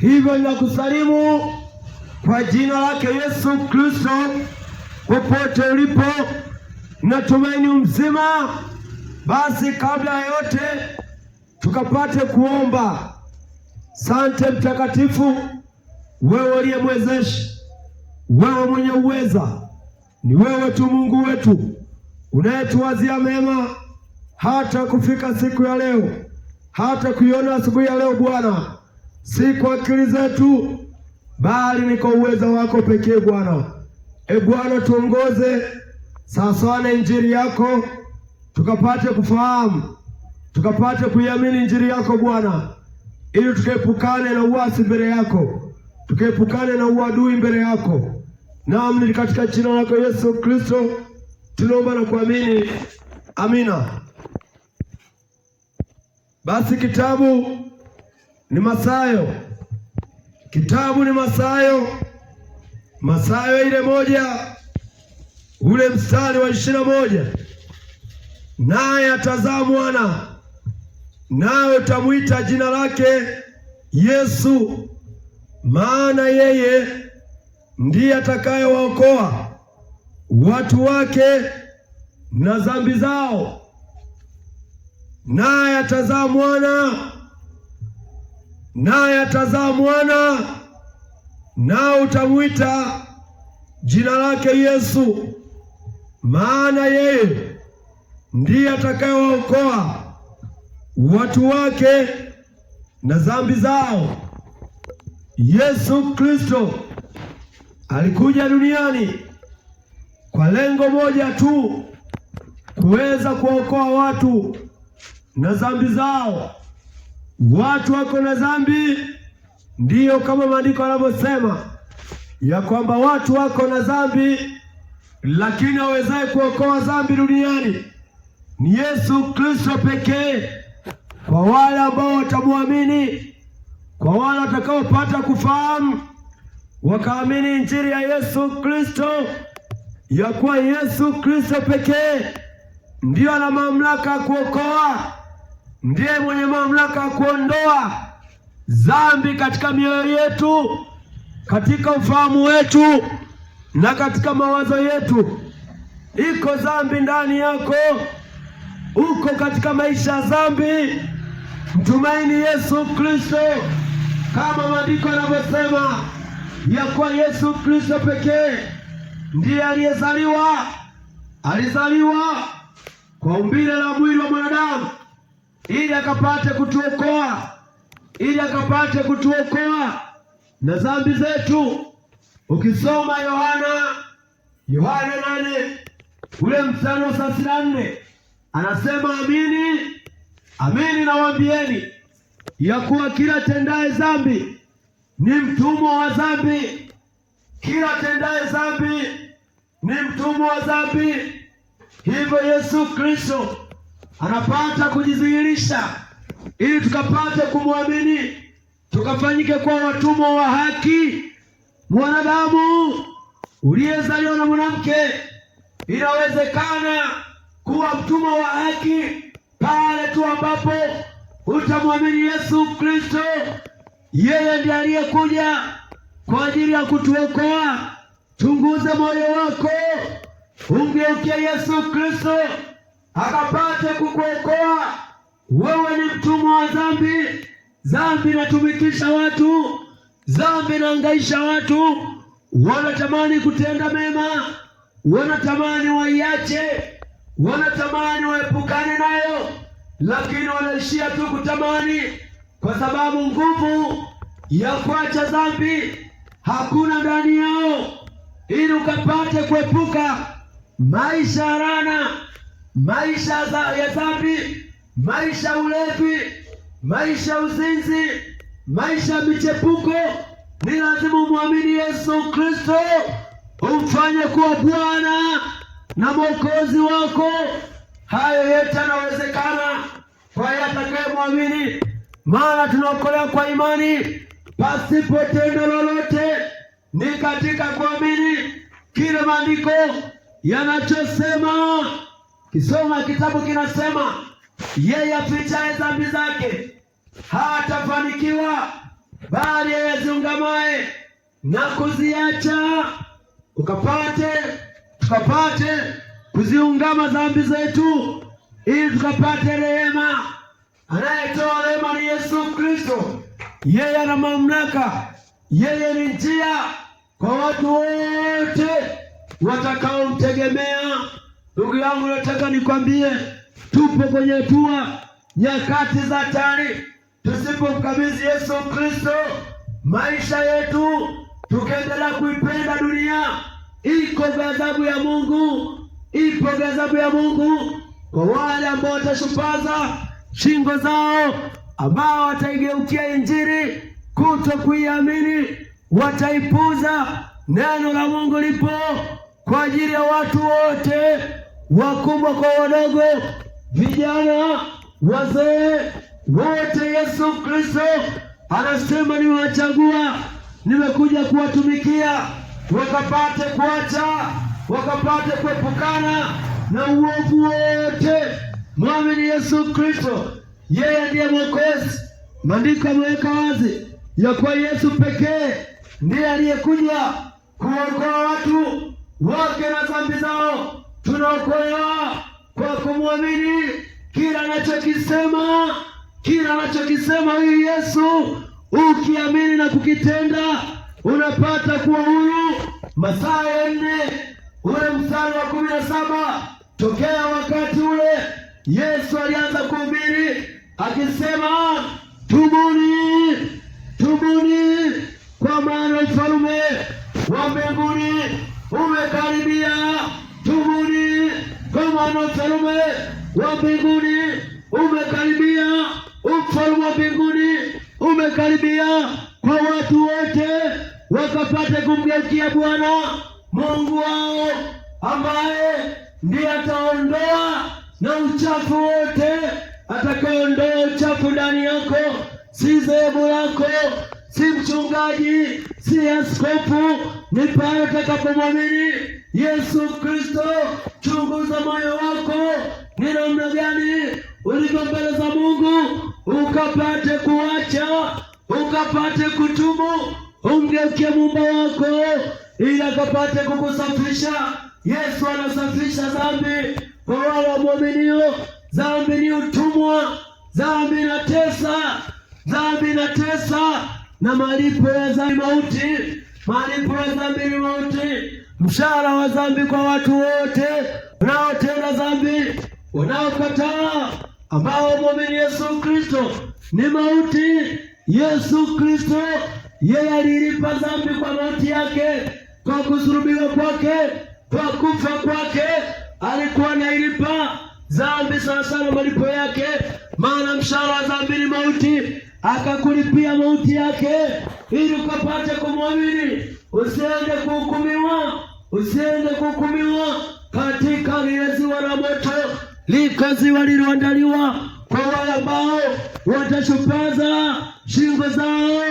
Hivyo ninakusalimu kwa jina lake Yesu Kristo, popote ulipo, natumaini mzima. Basi kabla ya yote tukapate kuomba. Sante mtakatifu, wewe uliyemwezeshi, wewe mwenye uweza, ni wewe tu Mungu wetu unayetuwazia mema hata kufika siku ya leo, hata kuiona asubuhi ya leo Bwana si kwa akili zetu, bali ni kwa uwezo wako pekee Bwana. E Bwana, tuongoze sawasawa na injili yako, tukapate kufahamu, tukapate kuiamini injili yako Bwana, ili tukaepukane na uasi mbele yako, tukaepukane na uadui mbele yako. Naam, ni katika jina lako Yesu Kristo tunaomba na kuamini, amina. Basi kitabu ni Mathayo, kitabu ni Mathayo, Mathayo ile moja ule mstari wa ishirini na moja naye atazaa mwana nawe utamwita jina lake Yesu, maana yeye ndiye atakayewaokoa watu wake na dhambi zao. Naye atazaa mwana naye atazaa mwana, nao utamwita jina lake Yesu, maana yeye ndiye atakayewaokoa watu wake na dhambi zao. Yesu Kristo alikuja duniani kwa lengo moja tu, kuweza kuwaokoa watu na dhambi zao watu wako na dhambi, ndiyo kama maandiko yanavyosema ya kwamba watu wako na dhambi, lakini awezaye kuokoa dhambi duniani ni Yesu Kristo pekee, kwa wale ambao watamwamini, kwa wale watakaopata kufahamu wakaamini injili ya Yesu Kristo, ya kuwa Yesu Kristo pekee ndiyo ana mamlaka ya kuokoa ndiye mwenye mamlaka ya kuondoa dhambi katika mioyo yetu, katika ufahamu wetu na katika mawazo yetu. Iko dhambi ndani yako, uko katika maisha ya dhambi. Mtumaini Yesu Kristo, kama maandiko yanavyosema ya kuwa Yesu Kristo pekee ndiye aliyezaliwa, alizaliwa kwa umbile la mwili wa mwanadamu ili akapate kutuokoa, ili akapate kutuokoa na dhambi zetu. Ukisoma Yohana Yohana nane ule mstari wa thelathini na nne anasema amini, amini nawaambieni ya kuwa kila tendaye dhambi ni mtumwa wa dhambi. Kila tendaye dhambi ni mtumwa wa dhambi. Hivyo Yesu Kristo anapata kujidhihirisha ili tukapate kumwamini, tukafanyike kwa watumwa wa haki. Mwanadamu uliyezaliwa na mwanamke, inawezekana kuwa mtumwa wa haki pale tu ambapo utamwamini Yesu Kristo. Yeye ndiye aliyekuja kwa ajili ya kutuokoa. chunguze moyo wako, ungeukia Yesu Kristo akapate kukuokoa wewe. Ni mtumwa wa dhambi. Dhambi inatumikisha watu, dhambi inaangaisha watu. Wanatamani kutenda mema, wanatamani waiache, wanatamani waepukane nayo, lakini wanaishia tu kutamani, kwa sababu nguvu ya kuacha dhambi hakuna ndani yao. Ili ukapate kuepuka maisha harana maisha ya dhambi, maisha ulevi, maisha uzinzi, maisha michepuko, ni lazima umwamini Yesu Kristo, umfanye kuwa Bwana na Mwokozi wako. Hayo yote yanawezekana kwa yeye atakayemwamini, maana tunaokolewa kwa imani pasipo tendo lolote, ni katika kuamini kile maandiko yanachosema Kisoma kitabu kinasema, yeye afichaye dhambi zake hatafanikiwa, bali yeye aziungamaye na kuziacha. Ukapate tukapate kuziungama dhambi zetu ili tukapate rehema. Anayetoa rehema ni Yesu Kristo. Yeye ana mamlaka, yeye ni njia kwa watu wote watakaomtegemea. Ndugu yangu, nataka nikwambie, tupo kwenye hatua nyakati za tani. Tusipomkabidhi Yesu Kristo maisha yetu, tukiendelea kuipenda dunia, iko ghadhabu ya Mungu, ipo ghadhabu ya Mungu kwa wale ambao watashupaza shingo zao, ambao wataigeukia Injili kuto kuiamini, wataipuza. Neno la Mungu lipo kwa ajili ya watu wote wakubwa kwa wadogo, vijana, wazee, wote Yesu Kristo anasema niwachagua, nimekuja kuwatumikia wakapate kuacha, wakapate kuepukana na uovu wote. Mwamini Yesu Kristo, yeye ndiye Mwokozi. Maandiko yameweka wazi ya kuwa Yesu pekee ndiye aliyekuja kuokoa watu wake na dhambi zao tunaokoa kwa kumwamini kila anachokisema, kila anachokisema huyu Yesu, ukiamini na kukitenda unapata kuwa huru. Mathayo nne ule mstari wa kumi na saba. Tokea wakati ule Yesu alianza kuhubiri akisema, tubuni, tubuni, kwa maana ufalme wa mbinguni umekaribia tubuni kwa maana ufalme wa mbinguni umekaribia, ufalme wa mbinguni umekaribia, kwa watu wote wakapate kumgeukia Bwana Mungu wao ambaye ndiye ataondoa na uchafu wote, atakayeondoa uchafu ndani yako, si zehebu lako, si mchungaji, si askofu, ni pale utakapomwamini Yesu Kristo, chunguza moyo wako ni namna gani ulivyo mbele za Mungu, ukapate kuacha, ukapate kutubu, umgeukie muumba wako ili akapate kukusafisha. Yesu anasafisha dhambi kwa wale wamwaminio. Dhambi ni utumwa, dhambi na tesa, dhambi na tesa, na malipo ya dhambi mauti, malipo ya dhambi ni mauti mshahara wa dhambi kwa watu wote wanaotenda dhambi, wanaokataa, ambao mwamini Yesu Kristo ni mauti. Yesu Kristo yeye alilipa dhambi kwa mauti yake, kwa kusulubiwa kwake, kwa kufa kwake, alikuwa nailipa dhambi sawa malipo yake, maana mshahara wa dhambi ni mauti. Akakulipia mauti yake ili ukapate kumwamini usiende kuhukumiwa, usiende kuhukumiwa katika lile ziwa la moto, liko ziwa lililoandaliwa kwa wale ambao watashupaza shingo zao,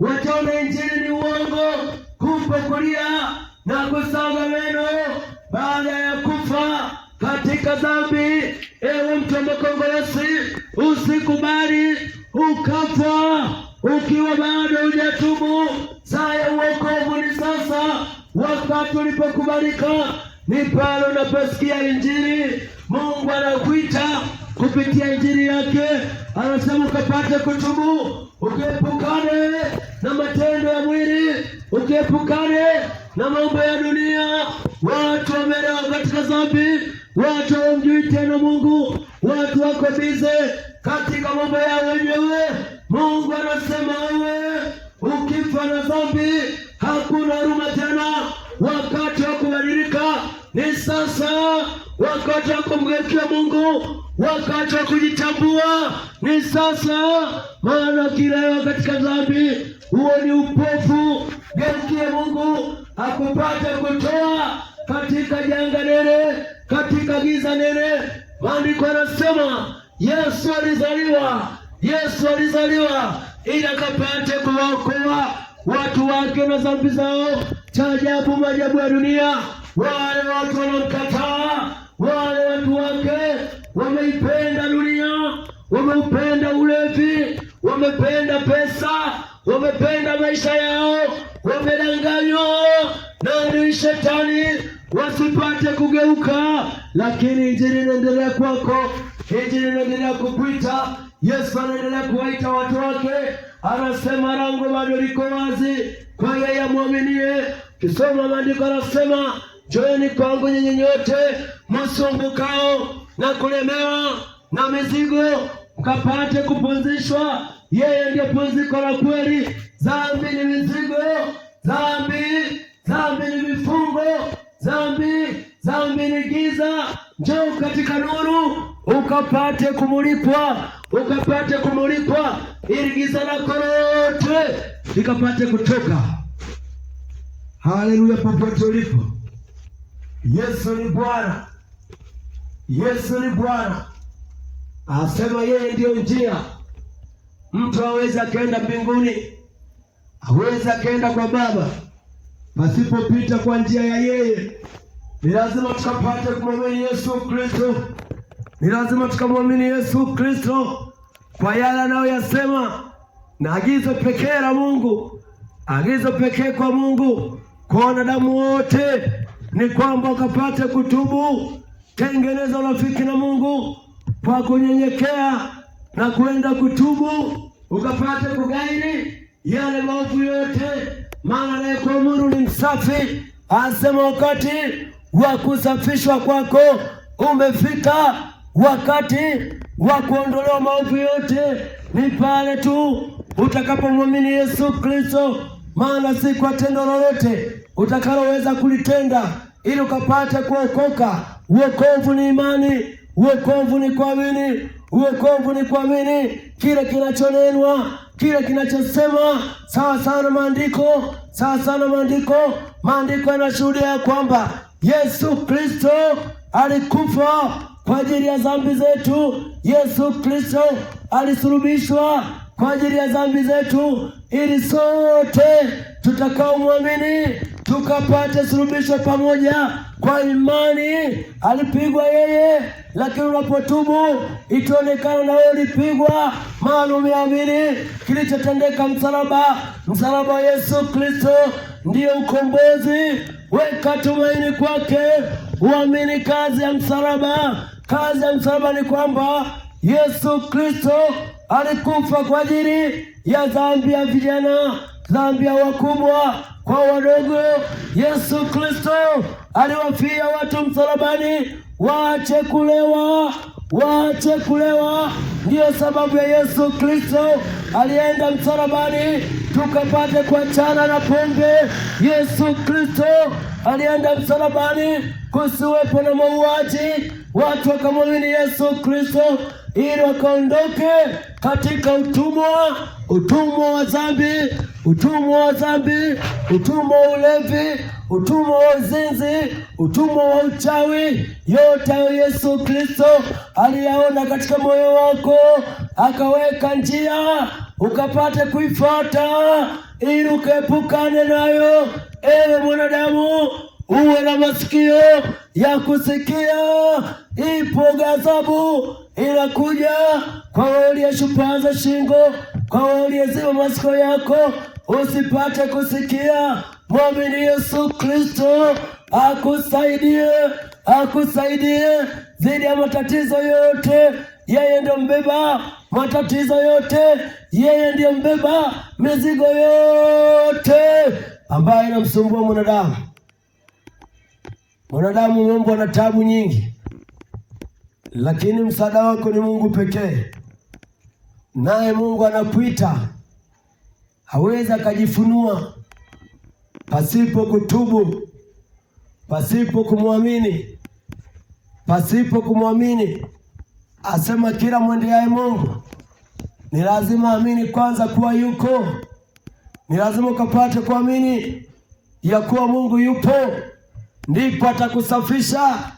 wataona injili ni uongo, kumbe kulia na kusaga meno baada ya kufa katika dhambi. Ewe mtu wa Mkongolesi, usikubali ukafa ukiwa bado hujatubu, saa ya uokovu ni sasa. Wakati ulipokubalika ni pale unaposikia Injili. Mungu anakuita kupitia Injili yake, anasema ukapate kutubu, ukiepukane na matendo ya mwili, ukiepukane na mambo ya dunia. Watu wamelewa katika dhambi, watu hawamjui tena Mungu, watu wako bize katika mambo yao wenyewe. Mungu anasema wewe ukifa na dhambi hakuna huruma tena. Wakati wa kubadilika ni sasa. Wakati wa kumgeukia Mungu, wakati wa kujitambua ni sasa, maana kileo katika dhambi huo ni upofu. Geukie Mungu akupate kutoa katika janga nene, katika giza nene. Maandiko yanasema Yesu alizaliwa Yesu alizaliwa ili akapate kuwaokoa watu wake na dhambi zao. Cha ajabu, maajabu ya dunia, wale watu wanamkataa wale watu wake wameipenda dunia, wameupenda ulevi, wamependa pesa, wamependa maisha yao, wamedanganywa na ni shetani wasipate kugeuka. Lakini injili inaendelea kwako, injili inaendelea kukuita Yesu anaendelea kuwaita watu wake, anasema lango bado liko wazi kwa yeye amwaminie. Kisoma maandiko, anasema joeni kwangu nyinyi nyote msumbukao na kulemewa na mizigo, mkapate kupumzishwa. Yeye ndiye pumziko la kweli. Dhambi ni mizigo, dhambi dhambi ni vifungo, dhambi dhambi ni giza. Njoo katika nuru ukapate kumulipwa ukapate kumulikwa ili giza lako lote likapate kutoka. Haleluya! popote ulipo, Yesu ni Bwana, Yesu ni Bwana. Asema yeye ndiyo njia. Mtu awezi akaenda mbinguni, awezi akaenda kwa Baba pasipopita kwa njia ya yeye. Ni lazima tukapate kumwamini Yesu Kristo. Ni lazima tukamwamini Yesu Kristo kwa yale anayoyasema na agizo pekee la Mungu, agizo pekee kwa Mungu kwa wanadamu wote ni kwamba ukapate kutubu, tengeneza urafiki na Mungu kwa kunyenyekea na kwenda kutubu, ukapate kugairi yale maovu yote, maana anayekuamuru ni msafi, asema wakati wa kusafishwa kwako umefika. Wakati wa kuondolewa maovu yote ni pale tu utakapomwamini Yesu Kristo, maana si kwa tendo lolote utakaloweza kulitenda ili ukapate kuokoka. Uokovu ni imani, uokovu ni kuamini, uokovu ni kuamini kile kinachonenwa, kile kinachosema sawa sawa na maandiko, sawa sawa na maandiko. Maandiko yanashuhudia ya kwamba Yesu Kristo alikufa kwa ajili ya dhambi zetu. Yesu Kristo alisulubishwa kwa ajili ya dhambi zetu, ili sote tutakaomwamini tukapata surubisho pamoja kwa imani. Alipigwa yeye, lakini unapotubu itaonekana na wewe ulipigwa. Maalum yaamini kilichotendeka msalaba. Msalaba wa Yesu Kristo ndiyo ukombozi. Weka tumaini kwake, uamini kazi ya msalaba. Kazi ya msalaba ni kwamba Yesu Kristo alikufa kwa ajili ya dhambi ya vijana dhambi ya wakubwa kwa wadogo. Yesu Kristo aliwafia watu msalabani, waache kulewa, waache kulewa. Ndiyo sababu ya Yesu Kristo alienda msalabani tukapate kuachana na pombe. Yesu Kristo alienda msalabani kusiwepo na mauaji, watu wakamwamini Yesu Kristo ili wakaondoke katika utumwa, utumwa wa dhambi, utumwa wa dhambi, utumwa wa ulevi, utumwa wa uzinzi, utumwa wa uchawi. Yote hayo Yesu Kristo aliyaona katika moyo wako, akaweka njia ukapate kuifuata ili ukaepukane nayo. Ewe mwanadamu, uwe na masikio ya kusikia Ipo ghadhabu inakuja kwa walioshupaza shingo, kwa walioziba masikio yako usipate kusikia. Mwamini Yesu Kristo akusaidie, akusaidie dhidi ya matatizo yote. Yeye ndio mbeba matatizo yote, yeye ndiyo mbeba mizigo yote ambayo inamsumbua mwanadamu. Mwanadamu umeumbwa na tabu nyingi lakini msaada wako ni Mungu pekee, naye Mungu anakuita. Hawezi akajifunua pasipo kutubu, pasipo kumwamini, pasipo kumwamini. Asema kila mwendeaye Mungu ni lazima amini kwanza kuwa yuko, ni lazima ukapate kuamini ya kuwa Mungu yupo, ndipo atakusafisha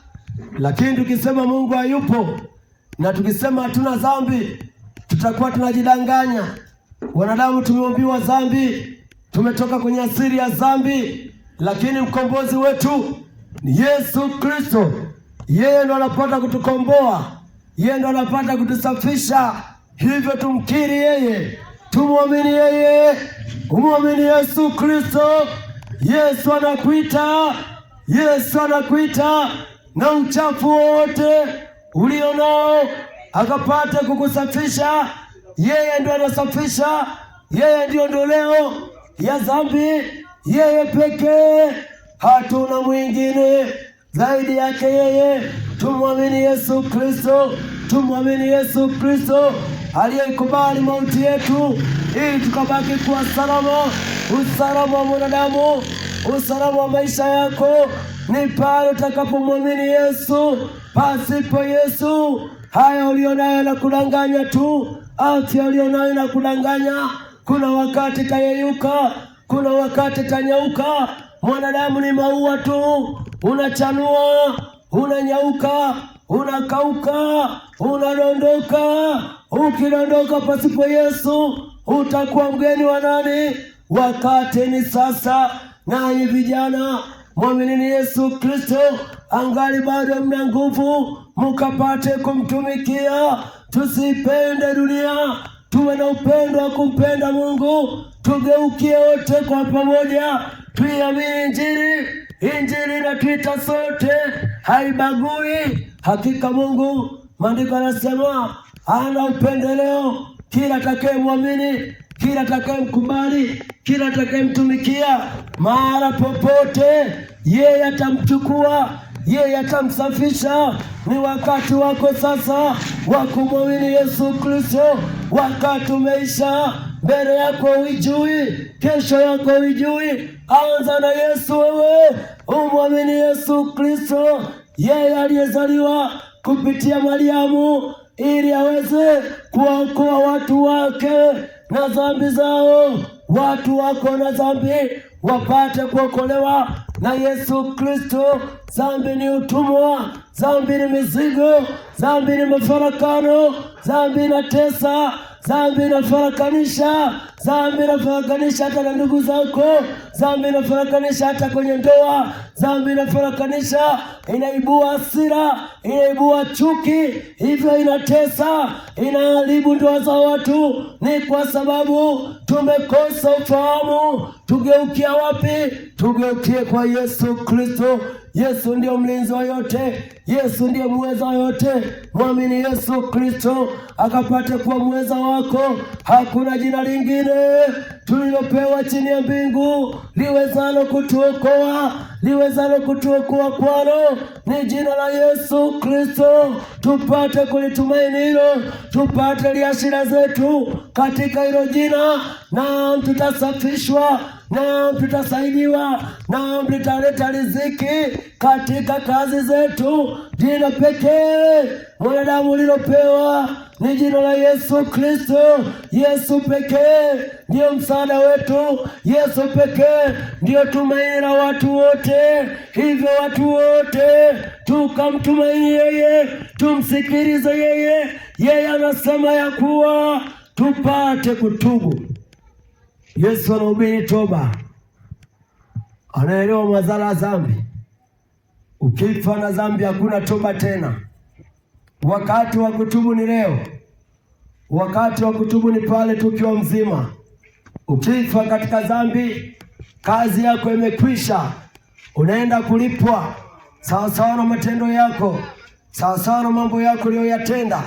lakini tukisema Mungu hayupo na tukisema hatuna dhambi, tutakuwa tunajidanganya. Wanadamu tumeumbiwa dhambi, tumetoka kwenye asili ya dhambi, lakini mkombozi wetu ni Yesu Kristo. Yeye ndo anapata kutukomboa, yeye ndo anapata kutusafisha. Hivyo tumkiri yeye, tumwamini yeye, umwamini Yesu Kristo. Yesu anakuita, Yesu anakuita na uchafu wote ulio nao akapate kukusafisha. Yeye ndio anasafisha, yeye ndio ondoleo ya dhambi, yeye pekee, hatuna mwingine zaidi yake yeye. Tumwamini Yesu Kristo, tumwamini Yesu Kristo aliyeikubali mauti yetu ili tukabaki kuwa salama, usalama wa mwanadamu, usalama wa maisha yako ni pale utakapomwamini Yesu. Pasipo Yesu, haya ulionayo na kudanganya tu, afya ulionayo na kudanganya. Kuna wakati tayeyuka kuna wakati tanyauka Mwanadamu ni maua tu, unachanua, unanyauka, unakauka, unadondoka. Ukidondoka pasipo Yesu utakuwa mgeni wa nani? Wakati ni sasa, nanyi vijana mwaminini Yesu Kristo angali bado mna nguvu, mukapate kumtumikia. Tusipende dunia, tuwe na upendo wa kumpenda Mungu, tugeukie wote kwa pamoja, tuiamini Injili. Injili inatuita sote, haibagui. Hakika Mungu, maandiko anasema, ana upendeleo, kila atakayemwamini kila atakayemkubali, kila atakayemtumikia mahali popote, yeye atamchukua, yeye atamsafisha. Ni wakati wako sasa wa kumwamini Yesu Kristo. Wakati umeisha. Mbele yako huijui, kesho yako huijui. Anza na Yesu, wewe umwamini Yesu Kristo, yeye aliyezaliwa kupitia Mariamu ili aweze kuwaokoa watu wake na dhambi zao. Watu wako na dhambi wapate kuokolewa na Yesu Kristo. Zambi ni utumwa, zambi ni mizigo, zambi ni mafarakano, zambi na tesa, zambi inafarakanisha, zambi inafarakanisha hata na ndugu zako, zambi inafarakanisha hata kwenye ndoa, zambi inafarakanisha, inaibua hasira, inaibua chuki, hivyo inatesa, inaharibu ndoa za watu. Ni kwa sababu tumekosa ufahamu. Tugeukia wapi? Tugeukie kwa Yesu Kristo. Yesu ndiyo mlinzi wa yote, Yesu ndiye muweza wa yote. Mwamini Yesu Kristo akapate kuwa muweza wako. Hakuna jina lingine tulilopewa chini ya mbingu liwezalo kutuokoa liwezalo kutuokoa kwalo ni jina la Yesu Kristo, tupate kulitumaini hilo, tupate liashira zetu katika hilo jina, na tutasafishwa na tutasaidiwa na tutaleta riziki katika kazi zetu Jina pekee mwanadamu lilopewa ni jina la Yesu Kristo. Yesu pekee ndiyo msaada wetu, Yesu pekee ndiyo tumaini la watu wote. Hivyo watu wote tukamtumaini yeye, tumsikilize yeye. Yeye anasema ya kuwa tupate kutubu. Yesu anahubiri toba, anaelewa madhara ya dhambi Ukifa na dhambi hakuna toba tena. Wakati wa kutubu ni leo. Wakati wa kutubu ni pale tukiwa mzima. Ukifa katika dhambi, kazi yako imekwisha, unaenda kulipwa sawasawa na matendo yako, sawasawa na mambo yako uliyoyatenda,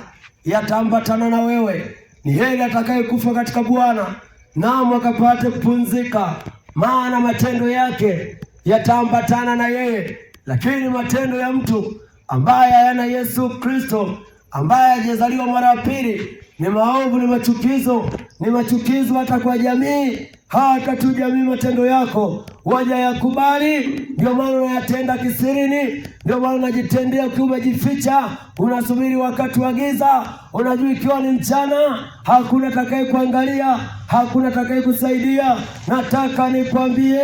yataambatana na wewe. Ni heri atakayekufa katika Bwana, naam akapate kupumzika, maana matendo yake yataambatana na yeye lakini matendo ya mtu ambaye hayana Yesu Kristo, ambaye hajazaliwa mara ya pili, ni maovu, ni machukizo, ni machukizo hata kwa jamii, hata tu jamii. Matendo yako wajayakubali. Ndio maana unayatenda kisirini, ndio maana unajitendea ukiwa umejificha, unasubiri wakati wa giza. Unajua ikiwa ni mchana hakuna atakaye kuangalia, hakuna atakaye kusaidia. Nataka nikwambie,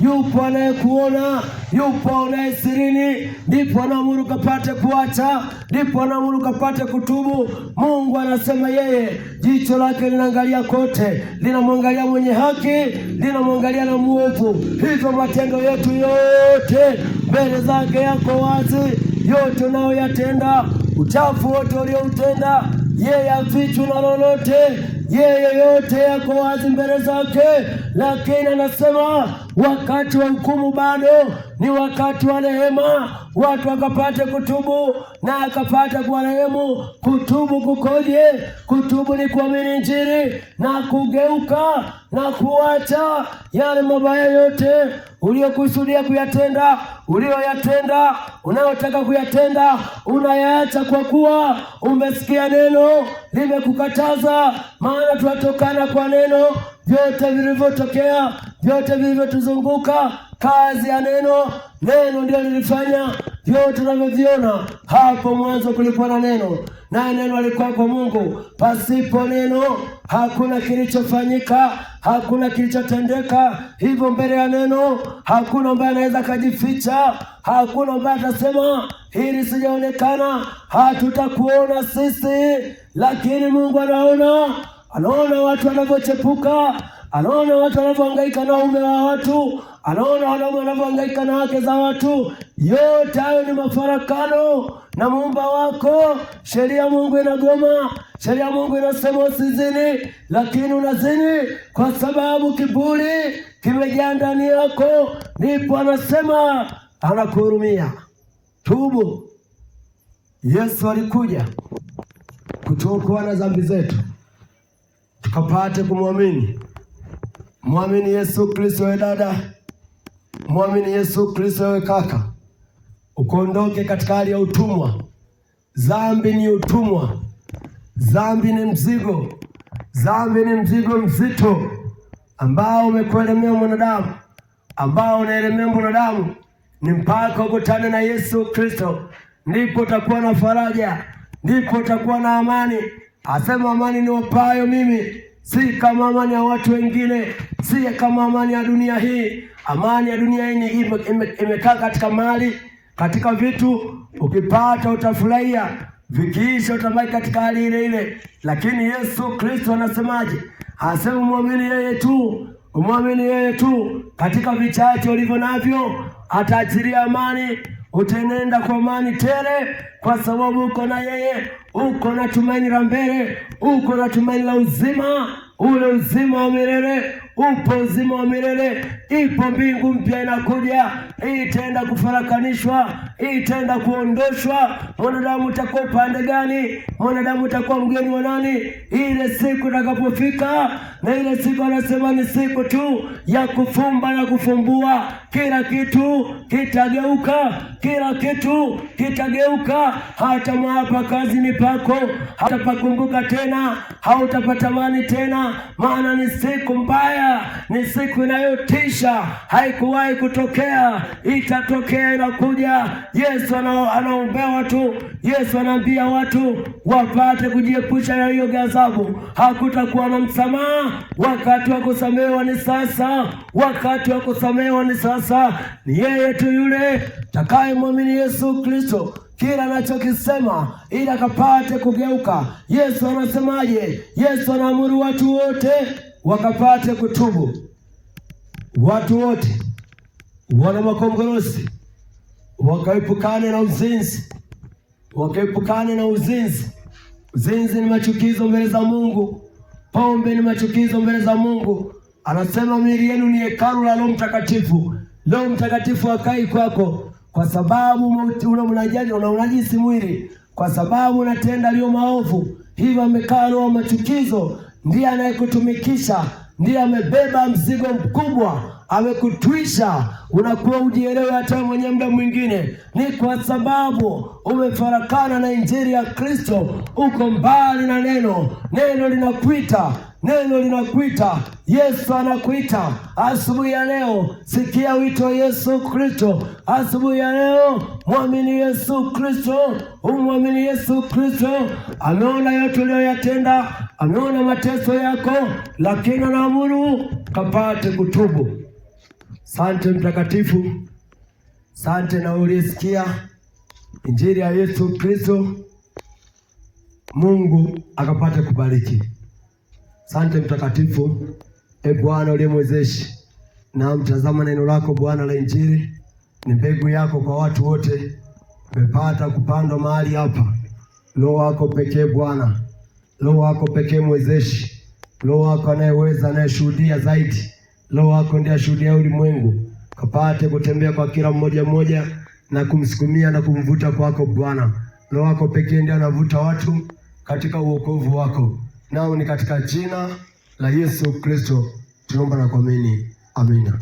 yupo anayekuona, yupo anaye sirini. Ndipo anaamuru kapate kuacha, ndipo anaamuru kapate kutubu. Mungu anasema yeye jicho lake linaangalia kote, linamwangalia mwenye haki, linamwangalia na mwovu hivyo matendo yetu yote mbele zake yako wazi, yote unayoyatenda, uchafu wote ulioutenda, yeye afichu na lolote, yeye yote yako wazi mbele zake, lakini anasema Wakati wa hukumu bado ni wakati wa rehema, watu wakapate kutubu na akapata kwa rehemu. Kutubu kukoje? Kutubu ni kuamini Injili na kugeuka na kuacha yale mabaya yote uliyokusudia kuyatenda, uliyoyatenda, unayotaka kuyatenda, unayaacha kwa kuwa umesikia neno limekukataza. Maana tunatokana kwa neno vyote vilivyotokea, vyote vilivyotuzunguka, kazi ya neno. Neno ndio lilifanya vyote tunavyoviona. Hapo mwanzo kulikuwa na neno, naye neno alikuwa kwa Mungu, pasipo neno hakuna kilichofanyika, hakuna kilichotendeka. Hivyo mbele ya neno hakuna ambaye anaweza akajificha, hakuna ambaye atasema hili sijaonekana, hatutakuona sisi, lakini Mungu anaona anaona watu wanavyochepuka, anaona watu wanavyohangaika na ume wa watu, anaona wanaume wanavyohangaika na wake za watu. Yote hayo ni mafarakano na muumba wako. Sheria Mungu inagoma, sheria Mungu inasema usizini, lakini unazini kwa sababu kiburi kimejaa ndani yako. Ndipo anasema anakuhurumia. Tubu. Yesu alikuja kutuokoa na dhambi zetu kapate kumwamini. Mwamini Yesu Kristo, we dada, mwamini Yesu Kristo, we kaka, ukondoke katika hali ya utumwa. zambi ni utumwa, zambi ni mzigo, zambi ni mzigo mzito ambao umekuelemea mwanadamu, ambao unaelemea mwanadamu. Ni mpaka ukutane na Yesu Kristo, ndipo utakuwa na faraja, ndipo utakuwa na amani. Asema amani wapayo mimi si kama amani ya watu wengine, si kama amani ya dunia hii. Amani ya dunia hii imekaa katika mali, katika vitu. Ukipata utafurahia, vikiisha utabaki katika hali ile ile. Lakini Yesu Kristo anasemaje? Asema mwamini yeye tu, umwamini yeye tu, katika vichache ulivyo navyo ataachilia amani, utenenda kwa amani tele, kwa sababu uko na yeye uko na tumaini la mbele, uko na tumaini la uzima, ule uzima wa milele upo uzima wa milele, ipo mbingu mpya inakuja, hii itaenda kufarakanishwa, hii itaenda kuondoshwa. Mwanadamu utakuwa upande gani? Mwanadamu utakuwa mgeni wa nani ile siku itakapofika? Na ile siku anasema ni siku tu ya kufumba na kufumbua, kila kitu kitageuka, kila kitu kitageuka. hata mwapa kazi mipako, hatapakumbuka tena, hautapata mani tena, maana ni siku mbaya kutokea, ni siku inayotisha, haikuwahi kutokea, itatokea, inakuja. Yesu anaombea watu, Yesu anaambia watu wapate kujiepusha na hiyo ghadhabu. Hakutakuwa na msamaha. Wakati wa kusamehewa ni sasa, wakati wa kusamehewa ni sasa. Ni yeye tu yule takayemwamini Yesu Kristo kila anachokisema ili akapate kugeuka. Yesu anasemaje? Yesu anaamuru watu wote wakapate kutubu. Watu wote wana makongorosi wakaepukane na uzinzi, wakaepukane na uzinzi. Uzinzi ni machukizo mbele za Mungu, pombe ni machukizo mbele za Mungu. Anasema miili yenu ni hekalu la Roho Mtakatifu. Roho Mtakatifu akai kwako, kwa sababu una unajisi mwili, kwa sababu unatenda aliyo maovu, hivyo amekaa roho machukizo ndiye anayekutumikisha, ndiye amebeba mzigo mkubwa amekutwisha. Unakuwa ujielewe hata mwenye muda mwingine, ni kwa sababu umefarakana na injili ya Kristo, uko mbali na neno. Neno linakuita Neno linakuita, Yesu anakuita asubuhi ya leo. Sikia wito Yesu Kristo asubuhi ya leo, mwamini Yesu Kristo, umwamini Yesu Kristo. Ameona yote uliyoyatenda, ameona mateso yako, lakini anaamuru kapate kutubu. Sante Mtakatifu, sante na ulisikia injili ya Yesu Kristo, Mungu akapate kubariki. Sante mtakatifu, e Bwana mwezeshi Na mtazama neno lako Bwana la Injili ni mbegu yako kwa watu wote, umepata kupandwa mahali hapa. Roho wako pekee Bwana, Roho wako pekee mwezeshi, Roho wako anayeweza, anayeshuhudia zaidi. Roho wako ndiye ashuhudia ulimwengu, kapate kutembea kwa kila mmoja mmoja na kumsukumia na kumvuta kwako Bwana. Roho wako pekee ndiye anavuta watu katika uokovu wako nao ni katika jina la Yesu Kristo tunaomba na kuamini, amina.